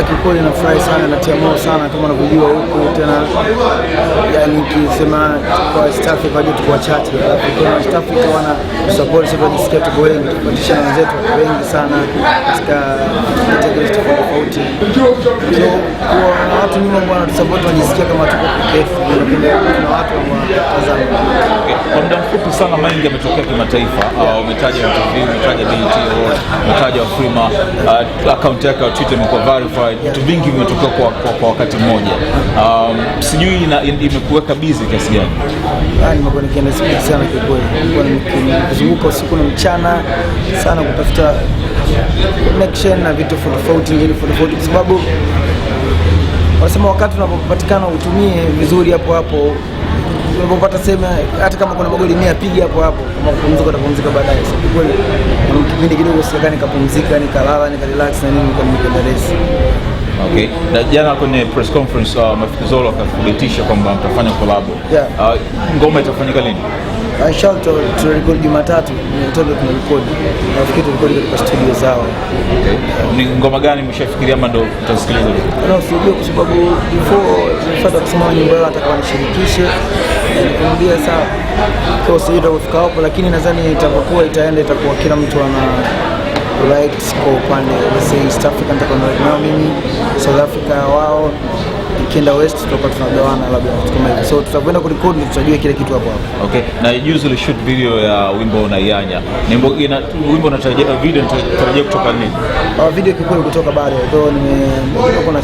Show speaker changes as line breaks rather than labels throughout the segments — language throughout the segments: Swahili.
Bwana, kiukweli nafurahi sana, natia moyo sana kama unavyojua huku tena, yani kisema kwa staff bado tuko wachache, kwa staff wana support sasa, tunajisikia tuko wengi, tupatisha na wenzetu wengi sana katika categories tofauti. Kwa watu nyuma, bwana, support wanajisikia kama tuko kwa yetu, kuna watu wa tazama mafupi sana mengi yametokea kimataifa. Ah, umetaja MTV, umetaja BET, umetaja Afrima, akaunti ah, yake ya Twitter imekuwa verified. Vitu vingi vimetokea kwa, kwa, kwa wakati mmoja. Um, sijui imekuweka busy kiasi gani? Ah, nimekuwa nikienda spidi sana kikweli, nikizunguka usiku na mchana sana kutafuta connection na vitu tofauti ngine tofauti kwa sababu wanasema wakati unapopatikana utumie vizuri hapo hapo unavyopata sema, hata kama kuna magoli mia pigi hapo hapo, kama kupumzika utapumzika baadaye. Sasa kweli kipindi kidogo sikakaa, nikapumzika, nikalala, nikarelax na nini, nikaenda resi. Okay. Na jana kwenye press conference uh, Mafikizolo akathibitisha kwamba mtafanya collab. Yeah. Uh, ngoma itafanyika lini? Aisha tunarekodi Jumatatu, Ntondo tunarekodi. Nafikiri tunarekodi katika studio zao. Okay. Ni ngoma gani mshafikiria ama ndo tutasikiliza? studio kwa sababu before nilipata kusema nyimbo yao atakuwa nishirikishe. Nikamwambia sawa. Kwa sababu sasa tutafika hapo lakini nadhani itakuwa itaenda itakuwa kila mtu ana right kwa upande. wa say East Africa nitakuwa na mimi, South Africa wao ukienda west tutakuwa tunagawana labda kama hivyo, so tutakwenda kurekodi ndio tutajua kile kitu hapo hapo. Okay, na juzi uli shoot video ya wimbo na Yanya, wimbo ina wimbo unatarajia video unatarajia kutoka nini? Uh, ah, video kiko kutoka bado, though nime kuna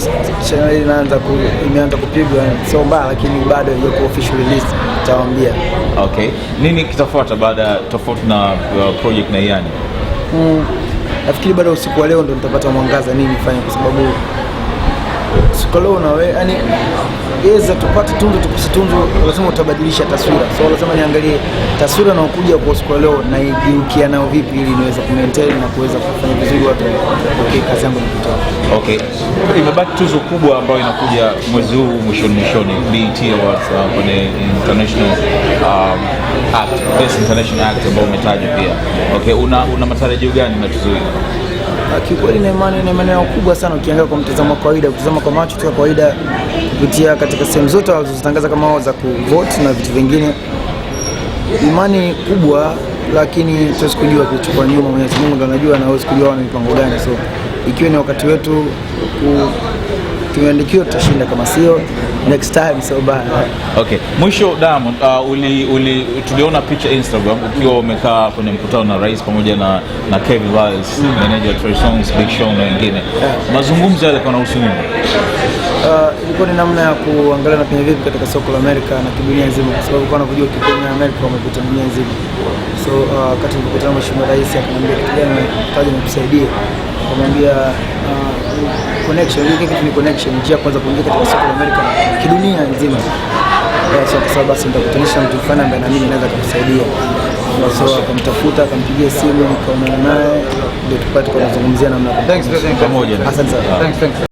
channel inaanza ku imeanza kupigwa sio mbaya, lakini bado ile kwa official release, tutawaambia. Okay, nini kitafuata baada tofauti na uh, project na Yanya? Mm, nafikiri bado usiku wa leo ndo nitapata mwangaza nini nifanye kwa sababu Sikolona we yani iweza tupate tunzo tukose tunzo, lazima utabadilisha taswira. So lazima niangalie taswira na ukuja kwa leo na igiukia nao vipi, ili niweze maintain na kuweza kufanya vizuri watu. Okay, kazi yangu ni kutoa. Okay, imebaki tuzo kubwa ambayo inakuja mwezi huu mwishoni mwishoni, BET Awards uh, kwenye international um, act, best international act ambao umetajwa pia. Okay, una una matarajio gani na tuzo hii? Ah, kiukweli na imani ni maeneo kubwa sana, ukiangalia kwa mtazamo wa kawaida, kutazama kwa macho tu ya kawaida, kupitia katika sehemu zote walizotangaza kama za kuvote na vitu vingine, imani kubwa, lakini tuwezi kujua kilichokuwa nyuma. Mwenyezi Mungu ndiye anajua, na hawezi kujua wana mipango gani. So ikiwa ni wakati wetu tumeandikiwa, tutashinda, kama sio next time so bad. Okay. Mwisho Diamond, uh, uli, uli, tuliona picha Instagram ukiwa umekaa kwenye mkutano na rais pamoja na na Kevin Wiles, mm. manager wa Trey Songz, Big Sean na wengine. yeah. Mazungumzo yale kwa yanahusu nini? Uh, ilikuwa ni namna ya kuangalia na penye vipi katika soko la Amerika na kidunia nzima, kwa sababu kwa kujua kidunia Amerika wamepita dunia nzima. So uh, kati mkutano mheshimiwa rais akaniambia kitu gani kaja nikusaidie, akamwambia uh, connection, ile kitu ni connection, njia kwanza kuingia katika soko la Amerika na kidunia nzima. Eh, kwa sababu basi nitakutanisha mtu fulani ambaye na mimi naweza kumsaidia. Basi akamtafuta, akampigia simu, nikaonana naye, ndio tupate kuzungumzia namna. Asante sana.